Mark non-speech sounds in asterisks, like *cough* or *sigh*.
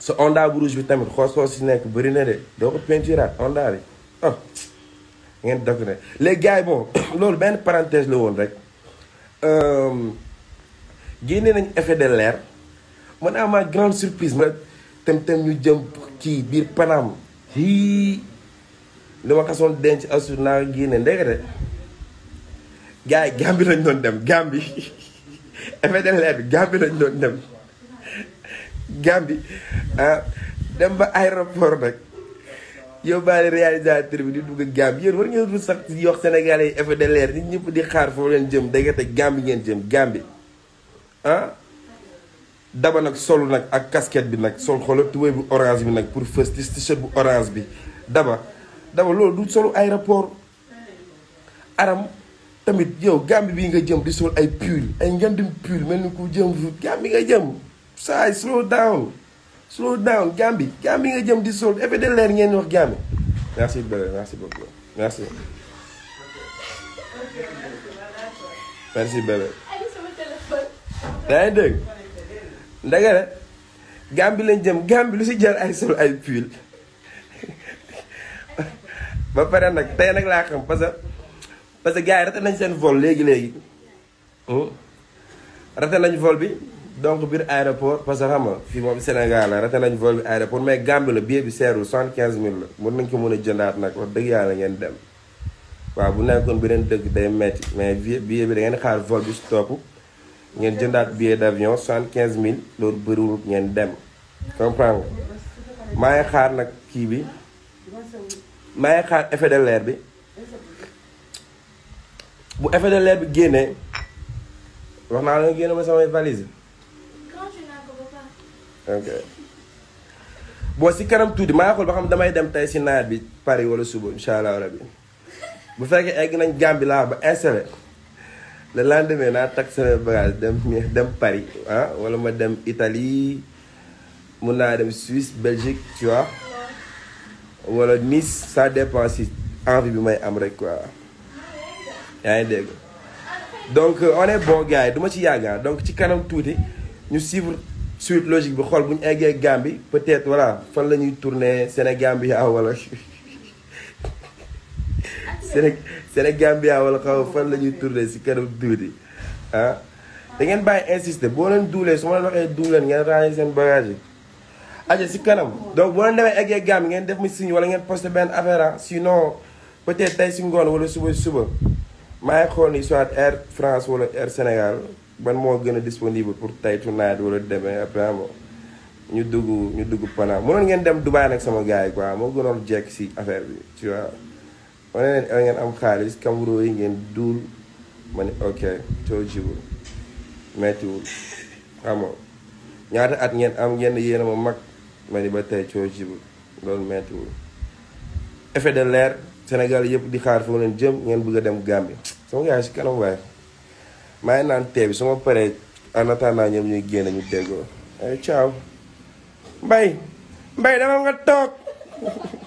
sa onda bu rouge bi tamit xoos xoos si nekk bëri na de doo ko peinturaat onda bi ah oh, ngeen dog ne léegi gars yi bon *coughs* loolu benn parenthèse la woon rek euh, génne nañ effet de l'air man à ma grande surprise ma tam tam ñu jëm ci biir Paname hii li ma kasoon denc assur naa génne ndekete gars yi Gambie lañ doon dem Gambie *laughs* effet de l'air bi Gambie lañ doon dem Gambie ah dem ba aéroport nag yóbbaale réalisateur bi di dugg Gambie yéen war ngeen rus sax yox Sénégalais yi effet de l'air nit ñëpp di xaar foofu leen jëm dégg te Gambie ngeen jëm Gambie ah. daba nag sol nag ak casquette bi nag sol xoolal tubéy bu orange bi nag pour fës t-shirt bu orange bi daba daba loolu du solu aéroport aram tamit yow Gambie bi nga jëm di sol ay pull ay ngandum pull mel ni ku jëm Gambie nga jëm saay slow down slow down Gambie Gambie nga jëm di sol effet de ngeen wax Gambie merci beaucoup merci beaucoup merci. merci bébé yaa ngi dégg ndege ne Gàmbi lañ jëm Gàmbi lu si jar ay sol ay pull ba pare nag tey nag laa xam parce que parce que gars yi nañ seen vol léegi léegi oh. raté nañ vol bi donc biir aéroport parce que xam nga fii moom Sénégal la raté nañ vol bi aéroport mais Gambie la billet bi seerul soixante quinze mille la mën nañ ko mën a jëndaat nag wax dëgg yàlla ngeen dem waaw bu nekkoon beneen dëgg day metti mais billet bi da ngeen xaar vol bi si topp ngeen jëndaat bi d' avion soixante quinze mille loolu bëriwul ngeen dem comprendre nga ngi xaar nag kii bi maa ngi xaar effet de l'air bi bu effet de l'air bi génnee wax naa la nga génne ma samay valise ok boo si kanam tuuti maa xool ba xam damay dem tey si nawet bi Paris wala suba incha allah rabi bu fekkee egg nañ Gambie laa ba installé la lendemain naa takk sama bagage dem dem Paris ah wala ma dem Italie mun naa dem Suisse Belgique tu vois wala Nice ça dépend si envie bi may am rek quoi yaa ngi dégg. donc on est bon gars yi du ci yàgg ah. donc ci kanam tuuti ñu suivre. suite logique bi xol buñu ñu gambi peut-être voilà fan la ñuy tourner Sénégambia ah, wala *laughs* Séné Sénégambia ah, wala xaw fan lañuy tourner ci kanam duudi ah da ngeen bay insister bo leen doulé suma ma leen waxee duul leen ngeen rangé sen bagage yi aja si kanam donc bo leen demee eggee gambi ngeen def mi signe wala ngeen poster ben affaire ah, sinon peut-être tay ci ngol wala suba suba may xol ni soit Air France wala Air Sénégal ban moo gën a disponible pour taytu nawet wala demee après am ah ñu dugg ñu dugg Pana mënoon ngeen dem Dubaay nag sama gars yi quoi moo gënoon jekk si affaire bi tu vois. ma ne leen ngeen am xaalis Cameroun yi ngeen duul ma ne ok coow jiwul méttiwul xam ah ñaata at ngeen am ngeen yéen a ma mag ma ni ba tey coow jiwul loolu méttiwul. effet de l'air Sénégal yëpp di xaar foo leen jëm ngeen bëgg a dem Gambie sama gars si kanam waaye. maa ngi naan tee bi su ma paree en attendant ñoom ñuy génn ñu déggoo ay eh, ciao mbay mbay dama nga toog *laughs*